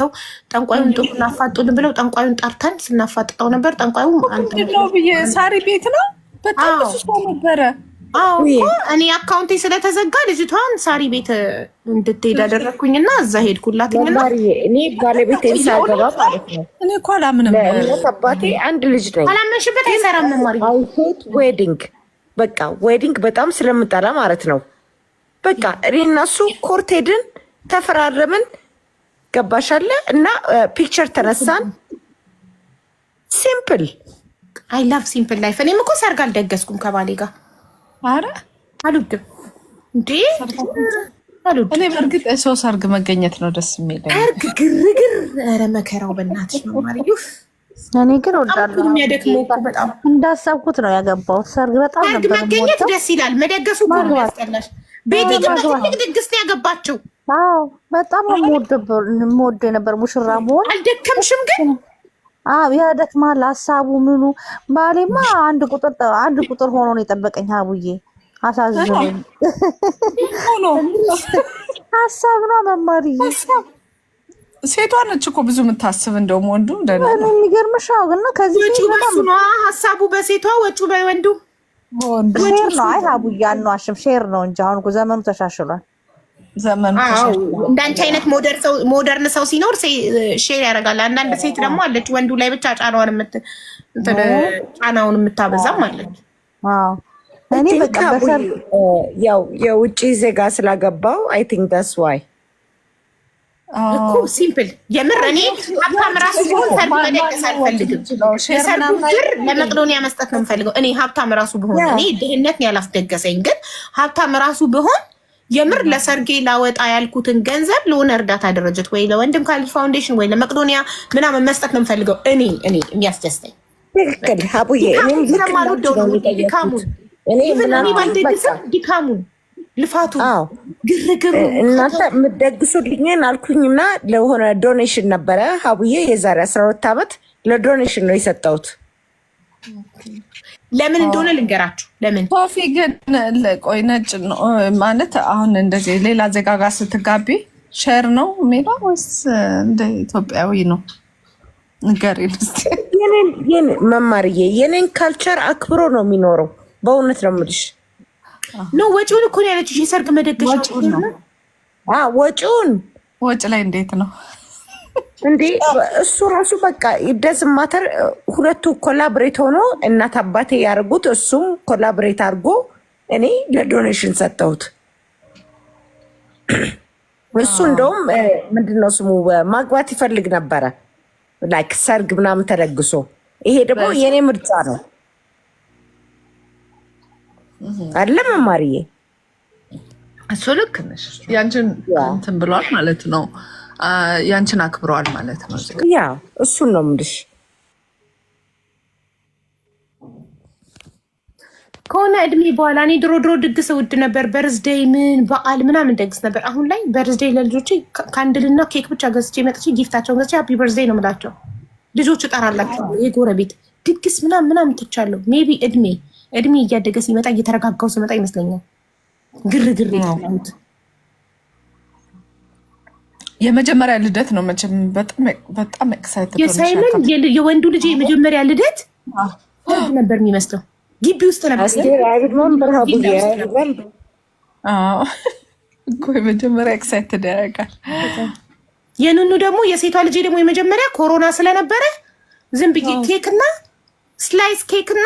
መጥተው ጠንቋዩን ጥሩን አፋጡልን ብለው ጠንቋዩን ጠርተን ስናፋጥጠው ነበር። ጠንቋዩ ሳሪ ቤት ነው። በጣም ብዙ ሰው ነበረ። እኔ አካውንቴ ስለተዘጋ ልጅቷን ሳሪ ቤት እንድትሄድ አደረግኩኝና እዛ ሄድኩላትኝና እኔ ባለቤት ሳገባ ማለት ነው። እኔ አላምንም። አባቴ አንድ ልጅ ነኝ። አላመንሽበት አይሰራም። መማሪ ሄት ዌዲንግ በቃ ዌዲንግ በጣም ስለምጠላ ማለት ነው። በቃ እኔ እና እሱ ኮርት ሄድን፣ ተፈራረምን። ገባሻለ እና ፒክቸር ተነሳን። ሲምፕል አይ ላቭ ሲምፕል ላይፍ። እኔም እኮ ሰርግ አልደገስኩም ከባሌ ጋር። አረ አልወድም እንዴ እኔ በእርግጥ ሰው ሰርግ መገኘት ነው ደስ የሚለኝ። ሰርግ ግርግር፣ ኧረ መከራው በእናትሽ ነው ማርዩ። እኔ ግን እወዳለሁ። እንዳሰብኩት ነው ያገባሁት። ሰርግ በጣም ነበር መገኘት ደስ ይላል። መደገሱ ያስጠላል ቤቲ ግን በትልቅ ድግስ ነው ያገባችው። በጣም የምወደው የነበር ሙሽራ መሆን አልደከምሽም? ግን አዎ ያደክማል፣ ሀሳቡ ምኑ። ባሌማ አንድ ቁጥር አንድ ቁጥር ሆኖ ነው የጠበቀኝ። አቡዬ አሳዝኑኝ። ሀሳብ ነው መማሪ ሴቷ ነች እኮ ብዙ የምታስብ እንደውም ወንዱ የሚገርምሽ እና ከዚህ ሀሳቡ በሴቷ ወጪው በወንዱ ሼር ነው። አይ ሀቡዬ አልዋሽም፣ ሼር ነው እንጂ አሁን እኮ ዘመኑ ተሻሽሏል። ዘመኑ እንዳንቺ አይነት ሞደርን ሰው ሲኖር ሼር ያደርጋል። አንዳንድ ሴት ደግሞ አለች ወንዱ ላይ ብቻ ጫናውን የምታበዛም አለች። እኔ በቃ ያው የውጭ ዜጋ ስላገባው አይ ቲንክ ዳስ ዋይ እኮ ሲምፕል የምር እኔ ሀብታም ራሱ ብሆን ሰርግ መደገስ አልፈልግም። የሰርጉ ብር ለመቅዶኒያ መስጠት ነው ፈልገው። እኔ ሀብታም ራሱ ብሆን እኔ ድህነት ያላስደገሰኝ፣ ግን ሀብታም ራሱ ብሆን የምር ለሰርጌ ላወጣ ያልኩትን ገንዘብ ለሆነ እርዳታ ድርጅት ወይ ለወንድም ካል ፋውንዴሽን ወይ ለመቅዶኒያ ምናምን መስጠት ነው ፈልገው። እኔ እኔ የሚያስደስተኝ ትክክል ሀቡዬ ድካሙን ድካሙን ልፋቱ ግርግር እናንተ የምትደግሱልኝን አልኩኝና ለሆነ ዶኔሽን ነበረ ሀቡዬ የዛሬ አስራ ሁለት ዓመት ለዶኔሽን ነው የሰጠሁት። ለምን እንደሆነ ልንገራችሁ። ለምን ኮፊ ግን ቆይ ነጭ ማለት አሁን እንደዚህ ሌላ ዜጋ ጋር ስትጋቢ ሸር ነው ሜዳ ወይስ እንደ ኢትዮጵያዊ ነው? ንገር እስኪ። መማርዬ የኔን ካልቸር አክብሮ ነው የሚኖረው። በእውነት ነው የምልሽ ነው ወጪውን እኮ ነው ያለችሽ። የሰርግ መደገሻ ነው ወጪውን ወጪ ላይ እንዴት ነው እንዴ? እሱ ራሱ በቃ ደስ ማተር ሁለቱ ኮላብሬት ሆኖ እናት አባቴ ያርጉት። እሱም ኮላብሬት አድርጎ እኔ ለዶኔሽን ሰጠሁት። እሱ እንደውም ምንድነው ስሙ ማግባት ይፈልግ ነበረ ላይክ ሰርግ ምናምን ተደግሶ ይሄ ደግሞ የእኔ ምርጫ ነው። አይደለም ማርዬ፣ እሱ ልክ ነሽ። ያንቺን እንትን ብሏል ማለት ነው። ያንቺን አክብረዋል ማለት ነው። ያ እሱን ነው የምልሽ። ከሆነ እድሜ በኋላ እኔ ድሮ ድሮ ድግስ ውድ ነበር። በርዝደይ ምን በዓል ምናምን ደግስ ነበር። አሁን ላይ በርዝደይ ለልጆቼ ካንድልና ኬክ ብቻ ገዝቼ መጥቼ ጊፍታቸውን ገዝቼ ሀፒ በርዝደይ ነው የምላቸው። ልጆች እጠራላቸው የጎረቤት ድግስ ምናምን ምናምን ትቻለሁ። ሜቢ እድሜ እድሜ እያደገ ሲመጣ እየተረጋጋው ሲመጣ ይመስለኛል ግርግር ነው። የመጀመሪያ ልደት ነው መቼም በጣም ኤክሳይት የሳይመን የወንዱ ልጅ የመጀመሪያ ልደት ነበር የሚመስለው ግቢ ውስጥ ነበር እኮ የመጀመሪያ ኤክሳይት ተደረጋል የንኑ ደግሞ የሴቷ ልጅ ደግሞ የመጀመሪያ ኮሮና ስለነበረ ዝም ብዬ ኬክና ስላይስ ኬክና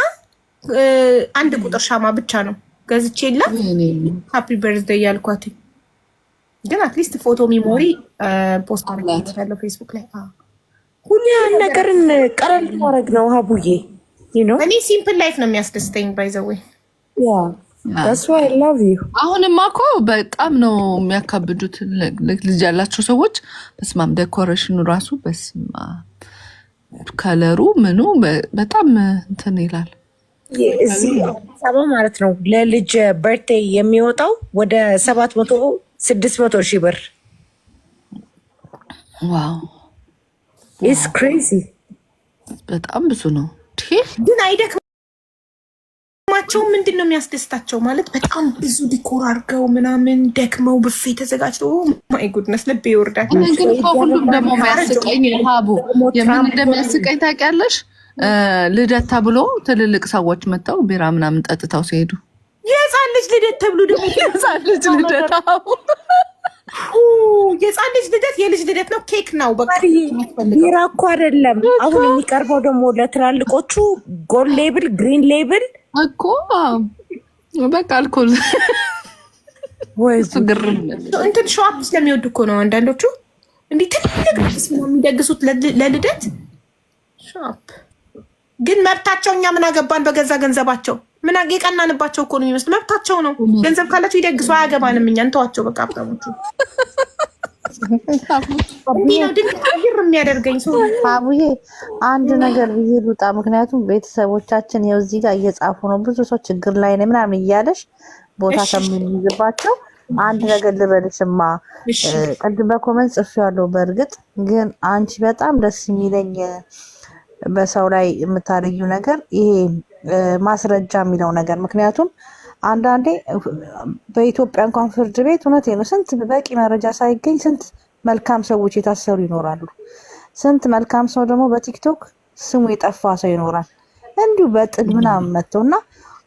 አንድ ቁጥር ሻማ ብቻ ነው ገዝቼ ላ ሀፒ በርዝደይ ያልኳት። ግን አትሊስት ፎቶ ሚሞሪ ፖስት ያለው ፌስቡክ ላይ ሁሉ ነገርን ቀለል ማድረግ ነው ሀቡዬ። እኔ ሲምፕል ላይፍ ነው የሚያስደስተኝ። ባይዘወ አሁንማ እኮ በጣም ነው የሚያካብዱት ልጅ ያላቸው ሰዎች። በስማም ዴኮሬሽኑ ራሱ በስማ ከለሩ ምኑ በጣም እንትን ይላል። እዚህ አዲስ አበባ ማለት ነው ለልጅ በርቴ የሚወጣው ወደ ሰባት መቶ ስድስት መቶ ሺህ ብር ኢትስ ክሬዚ በጣም ብዙ ነው። ግን አይደክማቸው። ምንድን ነው የሚያስደስታቸው ማለት በጣም ብዙ ዲኮር አድርገው ምናምን ደክመው ብፌ ተዘጋጅተው ማይ ጉድነስ ልቤ ይወርዳል። ግን ሁሉም ደግሞ ማያስቀኝ ሀቡ የምን እንደሚያስቀኝ ታውቂያለሽ? ልደት ተብሎ ትልልቅ ሰዎች መጥተው ቢራ ምናምን ጠጥተው ሲሄዱ የህፃን ልጅ ልደት ተብሎ ደግሞ የህፃን ልጅ ልደት የህፃን ልጅ ልደት የልጅ ልደት ነው፣ ኬክ ነው። ቢራ እኮ አይደለም። አሁን የሚቀርበው ደግሞ ለትላልቆቹ ጎል ሌብል፣ ግሪን ሌብል እኮ በቃ አልኮል ወይሱ እንትን ሸዋፕ ስለሚወዱ እኮ ነው አንዳንዶቹ እንዲህ ትልቅ የሚደግሱት ለልደት ሸዋፕ ግን መብታቸው እኛ ምን አገባን? በገዛ ገንዘባቸው ምን የቀናንባቸው እኮ ነው የሚመስል መብታቸው ነው። ገንዘብ ካላቸው ይደግሱ፣ አያገባንም። እኛ እንተዋቸው በቃ ሀብታሞቹ። እንዲህ የሚያደርገኝ ሰው። አቡዬ አንድ ነገር ብዬ ልውጣ፣ ምክንያቱም ቤተሰቦቻችን ያው እዚህ ጋር እየጻፉ ነው፣ ብዙ ሰው ችግር ላይ ነው ምናምን እያለሽ ቦታ ከምንይዝባቸው አንድ ነገር ልበልሽማ ቅድም በኮመንት ጽፌያለሁ። በእርግጥ ግን አንቺ በጣም ደስ የሚለኝ በሰው ላይ የምታደርጊው ነገር ይሄ ማስረጃ የሚለው ነገር ምክንያቱም አንዳንዴ በኢትዮጵያ እንኳን ፍርድ ቤት እውነት ነው ስንት በቂ መረጃ ሳይገኝ ስንት መልካም ሰዎች የታሰሩ ይኖራሉ። ስንት መልካም ሰው ደግሞ በቲክቶክ ስሙ የጠፋ ሰው ይኖራል። እንዲሁ በጥግ ምናምን መጥተው እና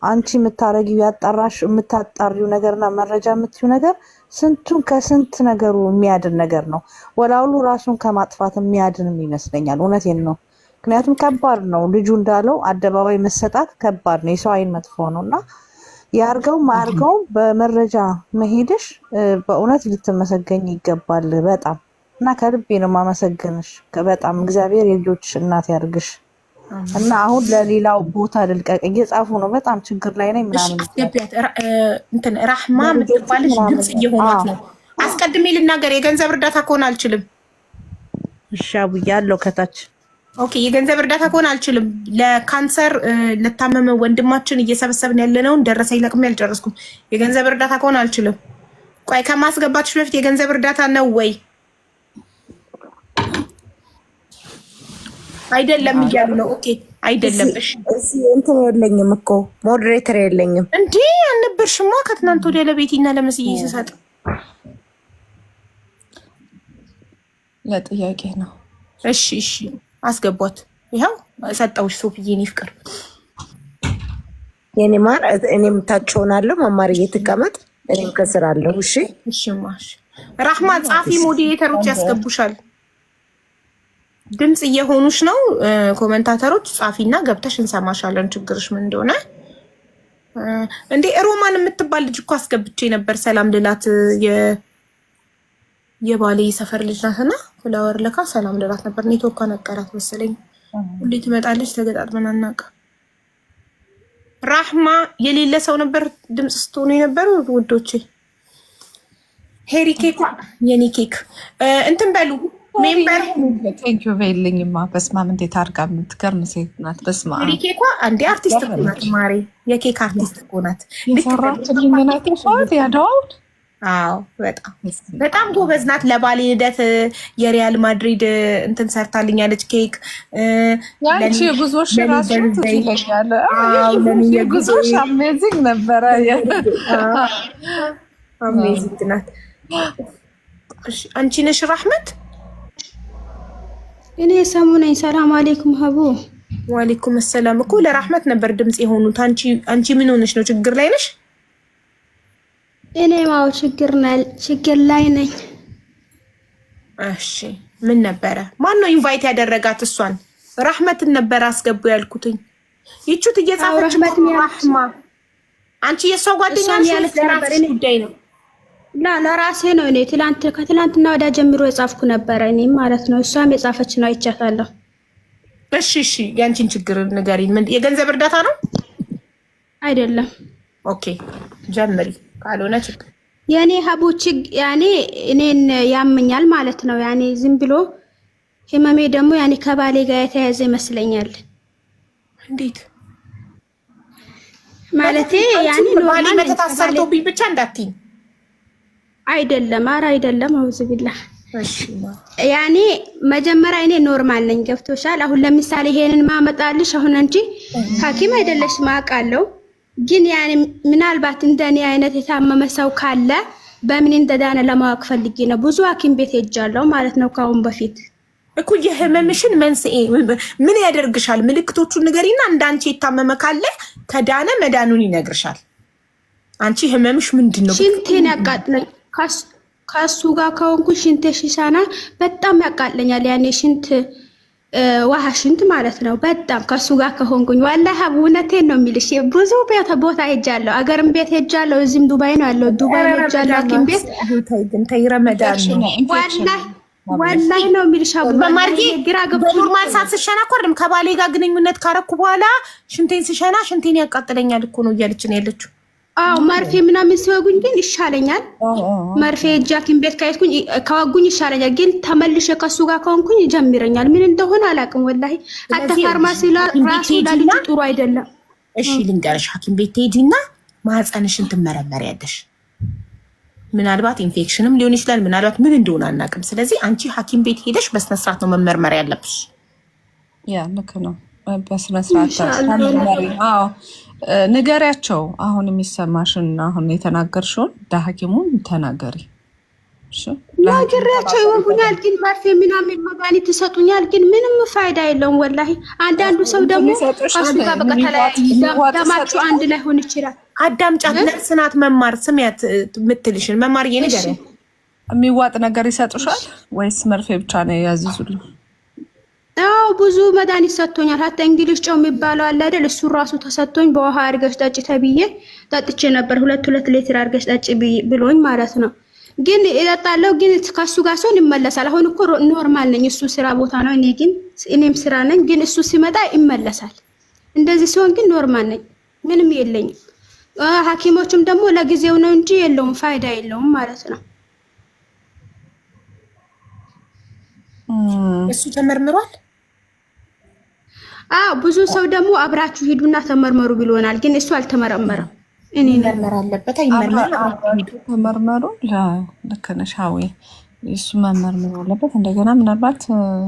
አንቺ የምታረጊው ያጣራሽ የምታጣሪው ነገርና መረጃ የምትዩ ነገር ስንቱን ከስንት ነገሩ የሚያድን ነገር ነው። ወላውሉ ራሱን ከማጥፋት የሚያድንም ይመስለኛል። እውነቴን ነው። ምክንያቱም ከባድ ነው። ልጁ እንዳለው አደባባይ መሰጣት ከባድ ነው። የሰው አይን መጥፎ ነው እና ያርገው ማርገው በመረጃ መሄድሽ በእውነት ልትመሰገኝ ይገባል። በጣም እና ከልቤ ነው ማመሰግንሽ። በጣም እግዚአብሔር የልጆች እናት ያርግሽ እና አሁን ለሌላው ቦታ ልልቀቅ እየጻፉ ነው። በጣም ችግር ላይ ነኝ ምናምን እንትን ራህማ ምትባልሽ ድምፅ እየሆኗት ነው። አስቀድሜ ልናገር የገንዘብ እርዳታ ከሆነ አልችልም። እሺ አቡ ያለው ከታች ኦኬ የገንዘብ እርዳታ ከሆነ አልችልም። ለካንሰር ለታመመ ወንድማችን እየሰበሰብን ያለነውን ደረሰኝ ለቅሜ አልጨረስኩም። የገንዘብ እርዳታ ከሆነ አልችልም። ቆይ ከማስገባችሁ በፊት የገንዘብ እርዳታ ነው ወይ አይደለም እያሉ ነው። ኦኬ አይደለም። እሺ እንትን የለኝም እኮ ሞዴሬተር የለኝም። እንዴ አልነበርሽማ ከትናንት ወዲያ ለቤቲና ለመስዬ ስሰጥ ለጥያቄ ነው። እሺ እሺ አስገቧት። ይኸው ሰጠውሽ። ሶፍዬን ይፍቅር የኔ ማር፣ እኔም ታች ሆናለሁ። መማር እየተቀመጥ እኔም ከስር አለሁ። እሺ፣ እሺ ራህማ፣ ጻፊ ሞዲሬተሮች ያስገቡሻል። ድምፅ እየሆኑሽ ነው። ኮመንታተሮች ጻፊና ገብተሽ እንሰማሻለን፣ ችግርሽ ምን እንደሆነ። እንዴ ሮማን የምትባል ልጅ እኮ አስገብቼ ነበር ሰላም ልላት የባሌ ሰፈር ልጅ ናት እና ፍላወር ለካ ሰላም ልላት ነበር። ኔትወርክ ነቀራት መሰለኝ። ሁሌ ትመጣለች፣ ተገጣጥመን አናውቅም። ራህማ የሌለ ሰው ነበር ድምፅ ስትሆኑ የነበሩ ውዶቼ። ሄሪ ኬክ የኔ ኬክ እንትን በሉ ሜምበር ቴንኪው በይልኝማ። በስመ አብ እንዴት አድርጋ የምትገርም ሴት ናት። በስማ አብ ሄሪ ኬኳ አንዴ አርቲስት ናት ማሬ፣ የኬክ አርቲስት ናት። ልክ ሰራችልኝ ናት ሰት ያደዋል አዎ በጣም በጣም ጎበዝ ናት። ለባሌ ልደት የሪያል ማድሪድ እንትን ሰርታልኛለች ኬክ። ያንቺ የጉዞሽ ራሱ ትለኛለ የጉዞሽ አሜዚንግ ነበረ። አሜዚንግ ናት። አንቺ ነሽ ራህመት? እኔ ሰሙ ነኝ። ሰላም አሌይኩም ሀቡ። ዋሌይኩም ሰላም። እኮ ለራህመት ነበር ድምፅ የሆኑት። አንቺ አንቺ ምን ሆነሽ ነው? ችግር ላይ ነሽ? እኔ ማው ችግር ችግር ላይ ነኝ። እሺ ምን ነበረ? ማን ነው ኢንቫይት ያደረጋት? እሷን ራህመትን ነበረ አስገቡ ያልኩትኝ። ይቹት እየጻፈች ራህማ፣ አንቺ የእሷ ጓደኛ ያለች ለራስሽ ጉዳይ ነው ላ ለራሴ ነው። እኔ ትላንት ከትላንትና ወዳ ጀምሮ የጻፍኩ ነበረ እኔ ማለት ነው። እሷም የጻፈች ነው አይቻታለሁ። እሺ እሺ፣ ያንቺን ችግር ንገሪኝ። ምን የገንዘብ እርዳታ ነው አይደለም? ኦኬ ጀምሪ፣ ካልሆነ ችግር የእኔ ሀቡ ችግ ያኔ እኔን ያምኛል ማለት ነው። ያኔ ዝም ብሎ ህመሜ ደግሞ ያኔ ከባሌ ጋር የተያያዘ ይመስለኛል። እንዴት ማለት ያኔ ባሌ ብቻ እንዳትኝ አይደለም፣ አረ አይደለም። አውዝ ቢላ ያኔ መጀመሪያ እኔ ኖርማል ነኝ። ገብቶሻል? አሁን ለምሳሌ ይሄንን ማመጣልሽ አሁን እንጂ ሐኪም አይደለሽ ማውቃለሁ ግን ያን ምናልባት እንደኔ አይነት የታመመ ሰው ካለ በምን እንደዳነ ለማወቅ ፈልጌ ነው። ብዙ ሐኪም ቤት ሄጃለሁ ማለት ነው ከአሁን በፊት እኮ የህመምሽን መንስኤ ምን ያደርግሻል? ምልክቶቹን ንገሪና እንዳንቺ የታመመ ካለ ከዳነ መዳኑን ይነግርሻል። አንቺ ህመምሽ ምንድን ነው? ሽንቴን ያቃጥለኝ ከሱ ጋር ከሆንኩ ሽንቴ ሽሻና በጣም ያቃጥለኛል። ያኔ ሽንት ዋሃሽንት ማለት ነው። በጣም ከሱ ጋር ከሆንኩኝ ዋላህ እውነቴን ነው የሚልሽ። ብዙ ቦታ ሄጃለሁ፣ አገርም ቤት ሄጃለሁ፣ እዚህም ዱባይ ነው ያለው ዱባይ ሄጃለሁ፣ ሐኪም ቤት ዋላህ ነው የሚልሽ። በማርጌ ግራ ኖርማል ሰዓት ስሸና እኮ አይደለም ከባሌ ጋር ግንኙነት ካረኩ በኋላ ሽንቴን ስሸና ሽንቴን ያቃጥለኛል እኮ ነው እያለች ነው ያለችው አዎ መርፌ ምናምን ሲወጉኝ ግን ይሻለኛል። መርፌ ጃኪን ቤት ካየትኩኝ ከወጉኝ ይሻለኛል። ግን ተመልሼ ከሱ ጋር ከሆንኩኝ ይጀምረኛል። ምን እንደሆነ አላውቅም። ወላሂ አተ ፋርማሲ ራሱ ላልጅ ጥሩ አይደለም። እሺ ልንገርሽ፣ ሐኪም ቤት ትሄጂና ማህፀንሽን ትመረመሪያለሽ። ምናልባት ኢንፌክሽንም ሊሆን ይችላል። ምናልባት ምን እንደሆነ አናውቅም። ስለዚህ አንቺ ሐኪም ቤት ሄደሽ በስነስርዓት ነው መመርመር ያለብሽ። ያ ልክ ነው። በስነ ስርዓት ንገሪያቸው። አሁን የሚሰማሽን አሁን የተናገርሽውን ለሐኪሙን ተናገሪ። ነግሬያቸው ይወጉኛል፣ ግን መርፌ ምናምን መድኃኒት ይሰጡኛል፣ ግን ምንም ፋይዳ የለውም። ወላሂ አንዳንዱ ሰው ደግሞ አሱጋ በቃ ደማችሁ አንድ ላይ ሆን ይችላል። አዳምጫት። ነርስ ናት መማር ስሚያት የምትልሽን መማር እየነገረ የሚዋጥ ነገር ይሰጡሻል ወይስ መርፌ ብቻ ነው የያዝዙልኝ? አዎ ብዙ መድኃኒት ሰጥቶኛል። ሀታ እንግሊዝ ጨው የሚባለው አለ አይደል? እሱ ራሱ ተሰጥቶኝ በውሃ አድርገሽ ጠጭ ተብዬ ጠጥቼ ነበር። ሁለት ሁለት ሌትር አድርገሽ ጠጭ ብሎኝ ማለት ነው። ግን እጠጣለሁ፣ ግን ከሱ ጋር ሲሆን ይመለሳል። አሁን እኮ ኖርማል ነኝ። እሱ ስራ ቦታ ነው፣ እኔ ግን እኔም ስራ ነኝ። ግን እሱ ሲመጣ ይመለሳል። እንደዚህ ሲሆን ግን ኖርማል ነኝ፣ ምንም የለኝም። ሐኪሞቹም ደግሞ ለጊዜው ነው እንጂ የለውም፣ ፋይዳ የለውም ማለት ነው። እሱ ተመርምሯል። አዎ ብዙ ሰው ደግሞ አብራችሁ ሂዱና ተመርመሩ ብሎናል፣ ግን እሱ አልተመረመረም። እኔ መርመር አለበት ተመርመሩ። ልክ ነሽ ሀዊ፣ እሱ መመርመር አለበት። እንደገና ምናልባት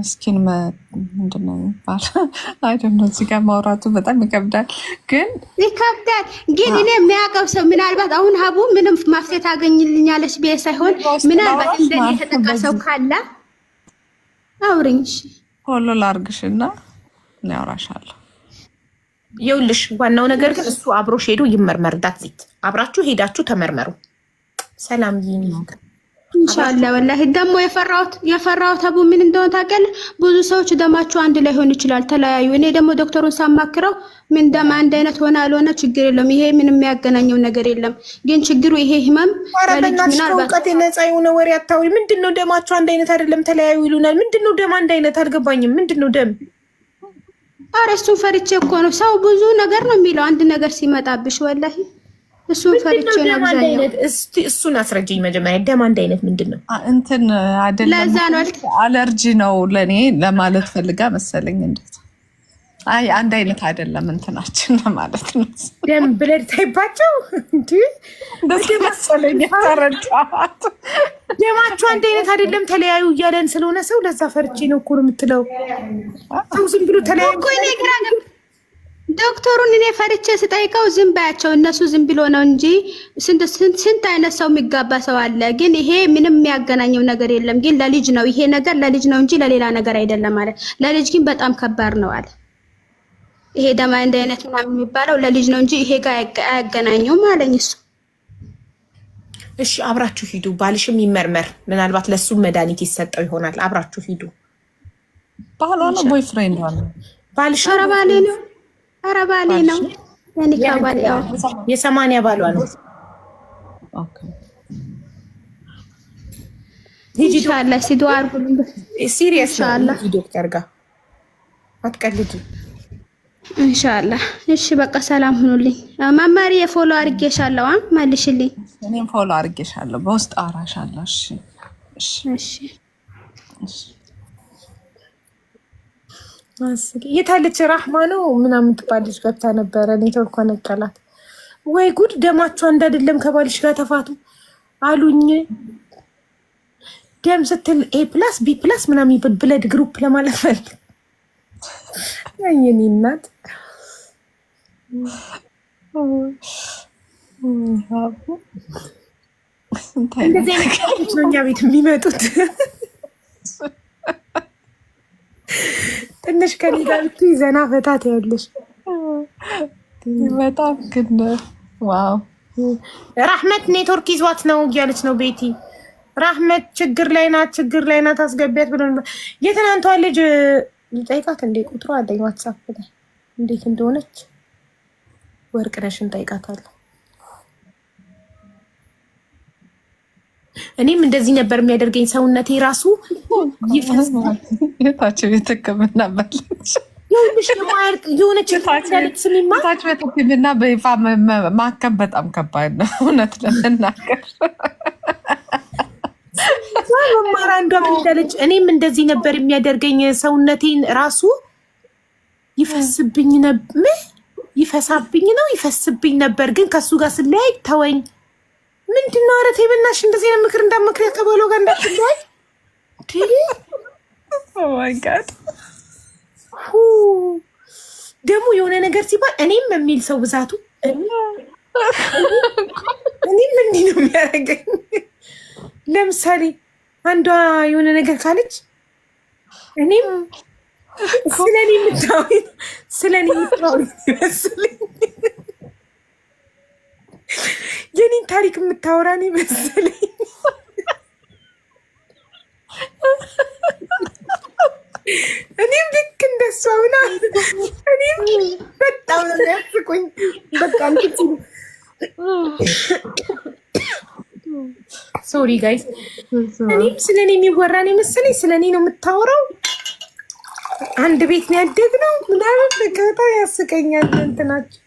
ስኪን ምንድነው ነው የሚባለው አይደለ? እዚህ ጋር ማውራቱ በጣም ይከብዳል፣ ግን ይከብዳል። ግን እኔ የሚያውቀው ሰው ምናልባት አሁን ሀቡ ምንም ማፍትሄ ታገኝልኛለች ብዬ ሳይሆን ምናልባት እንደ የተጠቃ ሰው ካለ አውሪኝ ሆሎ ላርግሽ እና ያውራሻለሁ። ይኸውልሽ ዋናው ነገር ግን እሱ አብሮሽ ሄዶ ይመርመር። ዚት አብራችሁ ሄዳችሁ ተመርመሩ። ሰላም ይህን እንሻላ ወላሂ ደግሞ የፈራሁት የፈራሁት አቡ ምን እንደሆነ ታውቂያለሽ? ብዙ ሰዎች ደማቸው አንድ ላይ ሆን ይችላል ተለያዩ። እኔ ደግሞ ዶክተሩን ሳማክረው ምን ደም አንድ አይነት ሆነ አልሆነ ችግር የለም ይሄ ምንም የሚያገናኘው ነገር የለም። ግን ችግሩ ይሄ ህመም እውቀት ነጻ የሆነ ወሬ አታዊ ምንድን ነው? ደማቸው አንድ አይነት አይደለም ተለያዩ ይሉናል። ምንድን ነው ደም አንድ አይነት አልገባኝም። ምንድን ነው ደም አረ እሱን ፈርቼ እኮ ነው። ሰው ብዙ ነገር ነው የሚለው አንድ ነገር ሲመጣብሽ፣ ወላሂ እሱን ፈርቼ ነው አብዛኛው። እሱን አስረጅኝ መጀመሪያ። ደም አንድ አይነት ምንድን ነው? እንትን አይደለም፣ ለዛ ነው አለርጂ ነው ለእኔ ለማለት ፈልጋ መሰለኝ እንዴት አይ አንድ አይነት አይደለም እንትናችን ማለት ነው። ደም ብለድ ታይባቸው እንዲ መሰለኝ ተረዳኋት። ደማችሁ አንድ አይነት አይደለም ተለያዩ እያለን ስለሆነ ሰው ለዛ ፈርቼ ነው እኮ ነው የምትለው። ሰው ዝም ብሎ ተለያዩ ዶክተሩን እኔ ፈርቼ ስጠይቀው ዝም ባያቸው እነሱ ዝም ብሎ ነው እንጂ ስንት አይነት ሰው የሚጋባ ሰው አለ። ግን ይሄ ምንም የሚያገናኘው ነገር የለም። ግን ለልጅ ነው ይሄ ነገር ለልጅ ነው እንጂ ለሌላ ነገር አይደለም ማለት ለልጅ ግን በጣም ከባድ ነው አለ። ይሄ ደማ እንደ አይነት ምናምን የሚባለው ለልጅ ነው እንጂ ይሄ ጋር አያገናኘውም አለኝ እሱ። እሺ አብራችሁ ሂዱ፣ ባልሽም ይመርመር። ምናልባት ለሱ መድኃኒት ይሰጠው ይሆናል። አብራችሁ ሂዱ። ባሏ ነው ቦይፍሬንድ ነው ባልሽ? ኧረ ባሌ ነው፣ ኧረ ባሌ ነው። የሰማንያ ባሏ ነው። ሂጂላ ሲዶ አርጉልኝ። ሲሪየስ ዶክተር ጋር አትቀልጂ። እንሻላ እሺ በቃ ሰላም ሁኑልኝ። መማሪ የፎሎ አድርጌሻለሁ። አም መልሽልኝ። እኔም ፎሎ አድርጌሻለሁ። በውስጥ አወራሻለሁ። እሺ እሺ እሺ። የታለች ራህማ ነው ምናምን ትባልሽ ገብታ ነበረ። ኔትወርክ ነቀላት። ወይ ጉድ! ደማቸው አንድ አይደለም። ከባልሽ ጋር ተፋቱ አሉኝ። ደም ስትል ኤ ፕላስ ቢ ፕላስ ምናምን ብለድ ግሩፕ ለማለት ፈልግ የኔ እናት እንደዚህ አይነት ነው እኛ ቤት የሚመጡት። ትንሽ ከኔ ጋር ብትይ ዘና ፈታት ያለሽ በጣም ግን ዋው። ራህመት ኔትወርክ ይዟት ነው እያለች ነው ቤቲ። ራህመት ችግር ላይ ናት፣ ችግር ላይ ናት አስገቢያት ብሎ የትናንቷ ልጅ ልጠይቃት እንዴ? ቁጥሩ አለኝ ዋትሳፕ ላይ እንዴት እንደሆነች ወርቅ ወርቅነሽ እንጠይቃታለን። እኔም እንደዚህ ነበር የሚያደርገኝ ሰውነቴ ራሱ ይፈታቸው የትክምና መለች የሆነችታች በትክምና በይፋ ማከም በጣም ከባድ ነው እውነት ለመናገር መማር አንዷ እኔም እንደዚህ ነበር የሚያደርገኝ ሰውነቴን ራሱ ይፈስብኝ ይፈሳብኝ ነው ይፈስብኝ ነበር ግን ከሱ ጋር ስለያይ ተወኝ ምንድን ነው ተይ በእናትሽ እንደዚህ ነው ምክር ከበሎ ጋር እንዳትለያይ ደግሞ የሆነ ነገር ሲባል እኔም የሚል ሰው ብዛቱ እኔም እንዲህ ነው የሚያደርገኝ ለምሳሌ አንዷ የሆነ ነገር ካለች እኔም ስለኔ የምታወሪው ስለኔ የምታወሪው ይመስለኝ የኔን ታሪክ የምታወራ የምታወራን ይመስለኝ እኔም ልክ እንደሷ ሆና እኔም በጣም ነው ያስቁኝ። በቃ ሶሪ ጋይስ፣ እኔም ስለኔ የሚወራ ነው የመሰለኝ። እኔ ነው የምታወራው። አንድ ቤት ነው ያደግነው ምናምን ያስቀኛል። እንትናቸው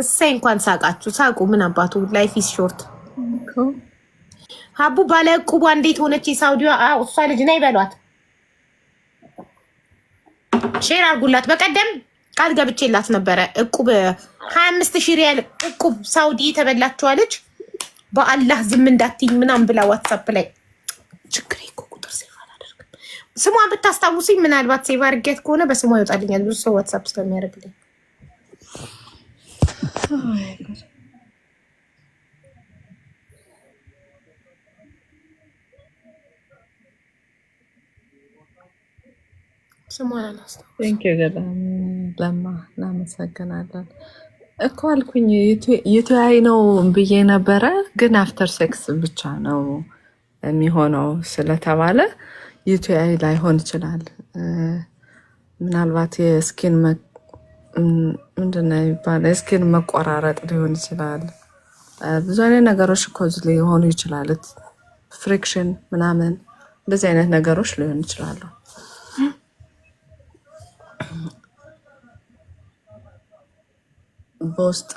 እሰይ እንኳን ሳቃችሁ። ሳቁ። ምን አባቱ ላይፍ ኢዝ ሾርት። አቡ ባለ ቁቧ እንዴት ሆነች? የሳውዲዋ እሷ ልጅ ና ይበሏት። ሼር አርጉላት በቀደም ቃል ገብቼላት ነበረ። እቁብ ሀያ አምስት ሺህ ሪያል እቁብ ሳውዲ ተበላችኋለች፣ በአላህ ዝም እንዳትኝ ምናምን ብላ ዋትሳፕ ላይ ችግር እኮ ቁጥር ሴቭ አላደርግም። ስሟን ብታስታውሱኝ ምናልባት ሴቭ አድርጌት ከሆነ በስሟ ይወጣልኛል። ብዙ ሰው ዋትሳፕ ስለሚያደርግልኝ ስሟን አላስታውስም። ገዳም ለማ እናመሰግናለን እኮ አልኩኝ። የተያይ ነው ብዬ ነበረ፣ ግን አፍተር ሴክስ ብቻ ነው የሚሆነው ስለተባለ የተያይ ላይሆን ይችላል። ምናልባት የስኪን ምንድን ነው የሚባለው የስኪን መቆራረጥ ሊሆን ይችላል። ብዙ አይነት ነገሮች እኮ ሊሆኑ ይችላል። ፍሪክሽን ምናምን እንደዚህ አይነት ነገሮች ሊሆን ይችላሉ። በውስጥ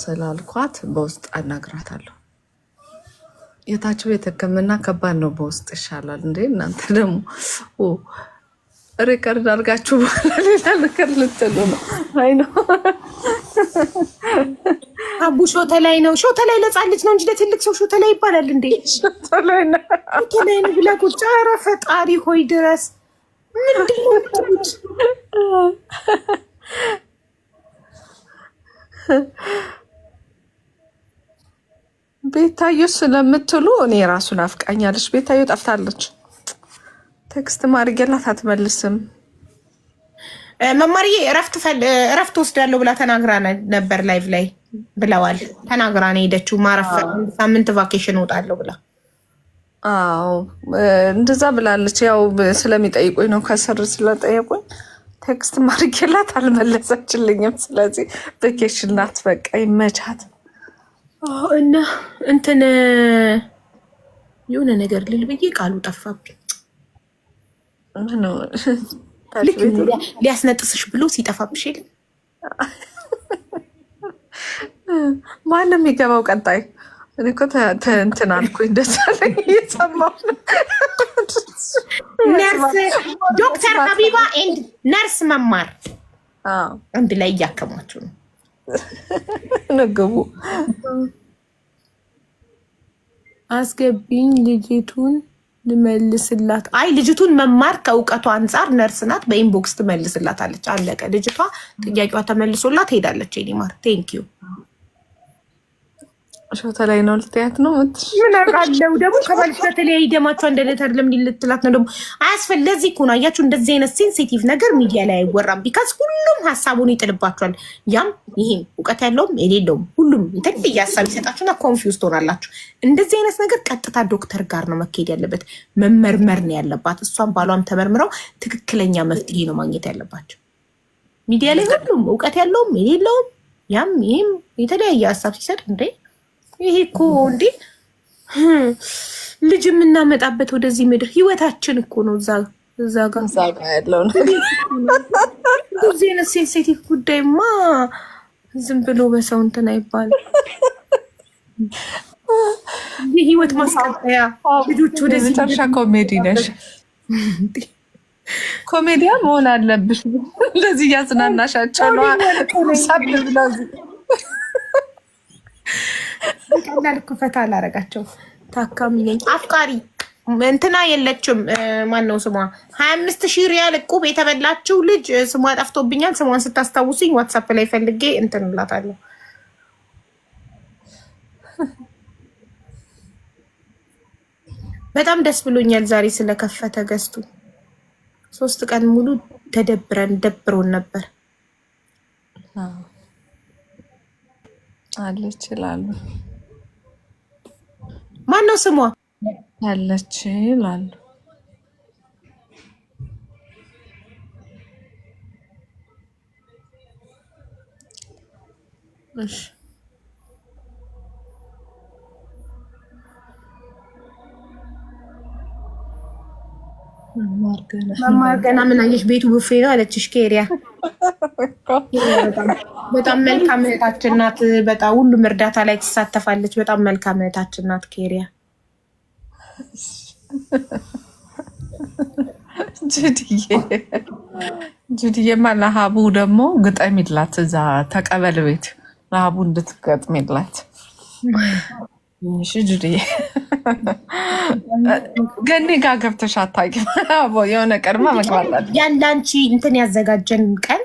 ስላልኳት በውስጥ አናግራታለሁ። የታችሁ ቤት ሕክምና ከባድ ነው፣ በውስጥ ይሻላል እንዴ እናንተ ደግሞ ሪከርድ አድርጋችሁ በኋላ ሌላ ነገር ልትሉ ነው። አይ ነው አቡ ሾተ ላይ ነው። ሾተ ላይ ለጻን ነው እንጂ ለትልቅ ሰው ሾተ ላይ ይባላል እንዴ? ሾተ ላይ ነው፣ ሾተ ላይ ነው ብላ ቁጭ። ኧረ ፈጣሪ ሆይ ድረስ ምንድነው ቤታዮ ስለምትሉ እኔ ራሱ ናፍቃኛለች። ቤታዮ ጠፍታለች። ቴክስት ማድርጌላት አትመልስም። መማርዬ እረፍት ወስዳለሁ ብላ ተናግራ ነበር። ላይቭ ላይ ብለዋል ተናግራ ነው ሄደችው። ማረፍ ሳምንት ቫኬሽን እወጣለሁ ብላ አዎ፣ እንደዛ ብላለች። ያው ስለሚጠይቁኝ ነው ከስር ስለጠየቁኝ ቴክስት ማድርጌላት አልመለሰችልኝም። ስለዚህ በኬሽን ናት። በቃ ይመቻት እና እንትን የሆነ ነገር ልል ብዬ ቃሉ ጠፋብኝ። ሊያስነጥስሽ ብሎ ሲጠፋብሽ የለም ማንም የገባው ቀጣይ እኔ እኮ እንትን አልኩኝ ደስ አለኝ እየሰማሁ ዶክተር ሀቢባ ኤንድ ነርስ መማር አንድ ላይ እያከማችሁ ነው። ነግቡ አስገቢኝ ልጅቱን ልመልስላት። አይ ልጅቱን መማር ከእውቀቱ አንጻር ነርስ ናት፣ በኢንቦክስ ትመልስላታለች። አለቀ። ልጅቷ ጥያቄዋ ተመልሶላት ሄዳለች። ኔማር ቴንኪዩ ሾተ ላይ ነው ልትያት ነው ምን አውቃለሁ። ደግሞ ከባልሽ ጋር ተለያይ ደማቸው አንድ አይደለም ልትላት ነው ደግሞ አያስፈል ለዚህ እኮ ነው አያችሁ፣ እንደዚህ አይነት ሴንሲቲቭ ነገር ሚዲያ ላይ አይወራም። ቢካዝ ሁሉም ሀሳቡን ይጥልባቸዋል። ያም ይሄም እውቀት ያለውም የሌለውም ሁሉም የተለየ ሀሳብ ይሰጣችሁና ኮንፊውዝ ትሆናላችሁ። እንደዚህ አይነት ነገር ቀጥታ ዶክተር ጋር ነው መካሄድ ያለበት። መመርመር ነው ያለባት። እሷም ባሏም ተመርምረው ትክክለኛ መፍትሄ ነው ማግኘት ያለባቸው። ሚዲያ ላይ ሁሉም እውቀት ያለውም የሌለውም ያም ይህም የተለያየ ሀሳብ ሲሰጥ እንዴ ይሄ እኮ እንዴ ልጅ የምናመጣበት ወደዚህ ምድር ህይወታችን እኮ ነው። እዛ እዛ ጋር እዛ ጋር ያለው ነው። እዚህ አይነት ሴንሲቲቭ ጉዳይማ ዝም ብሎ በሰው እንትን አይባልም። የህይወት ማስቀጠያ ልጆች ወደዚህ መጨረሻ ኮሜዲ ነሽ። ኮሜዲያ መሆን አለብሽ። እንደዚህ ሳብ ነዋ ቀላል ክፈት ፈታ አላረጋቸው። ታካሚ ነኝ አፍቃሪ እንትና የለችም። ማን ነው ስሟ? ሀያ አምስት ሺህ ሪያል እቁብ የተበላችው ልጅ ስሟ ጠፍቶብኛል። ስሟን ስታስታውሱኝ ዋትሳፕ ላይ ፈልጌ እንትን በጣም ደስ ብሎኛል ዛሬ ስለከፈተ ገዝቱ። ሶስት ቀን ሙሉ ተደብረን ደብሮን ነበር። አለች ይላሉ። ማን ነው ስሟ? አለች ይላሉ። እሺ መማር ገና ምን አየሽ? ቤቱ ቡፌ ነው አለችሽ ኬሪያ በጣም መልካም እህታችን ናት። በጣም ሁሉም እርዳታ ላይ ትሳተፋለች። በጣም መልካም እህታችን ናት። ኬሪያ ጁድዬ ጁድዬማ ለሀቡ ደግሞ ግጠሚላት፣ እዛ ተቀበል ቤት ለሀቡ እንድትገጥሚላት ሽጅሪ ገኒ ጋ ገብተሽ አታውቂም? የሆነ ቀድማ መግባላት ያንዳንቺ እንትን ያዘጋጀን ቀን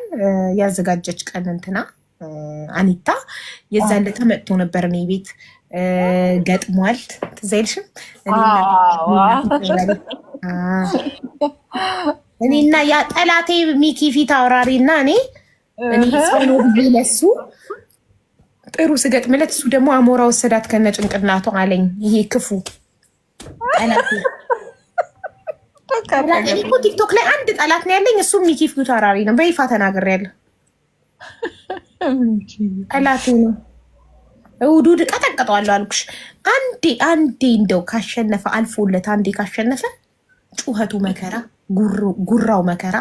ያዘጋጀች ቀን እንትና አኒታ የዛ ዕለት መጥቶ ነበር እኔ ቤት ገጥሟል። ትዝ አይልሽም? እኔና ያ ጠላቴ ሚኪ ፊት አውራሪ እና እኔ እኔ ሰው ነው ለሱ ጥሩ ስገጥምለት እሱ ደግሞ አሞራ ወሰዳት ከነ ጭንቅላቱ አለኝ። ይሄ ክፉ ቲክቶክ ላይ አንድ ጠላት ነው ያለኝ። እሱም ሚኪ ፊታውራሪ ነው። በይፋ ተናግሬያለሁ። ጠላቴ ነው። እሑድ እሑድ ቀጠቅጠዋለሁ አልኩሽ። አንዴ አንዴ እንደው ካሸነፈ አልፎለት፣ አንዴ ካሸነፈ ጩኸቱ መከራ፣ ጉራው መከራ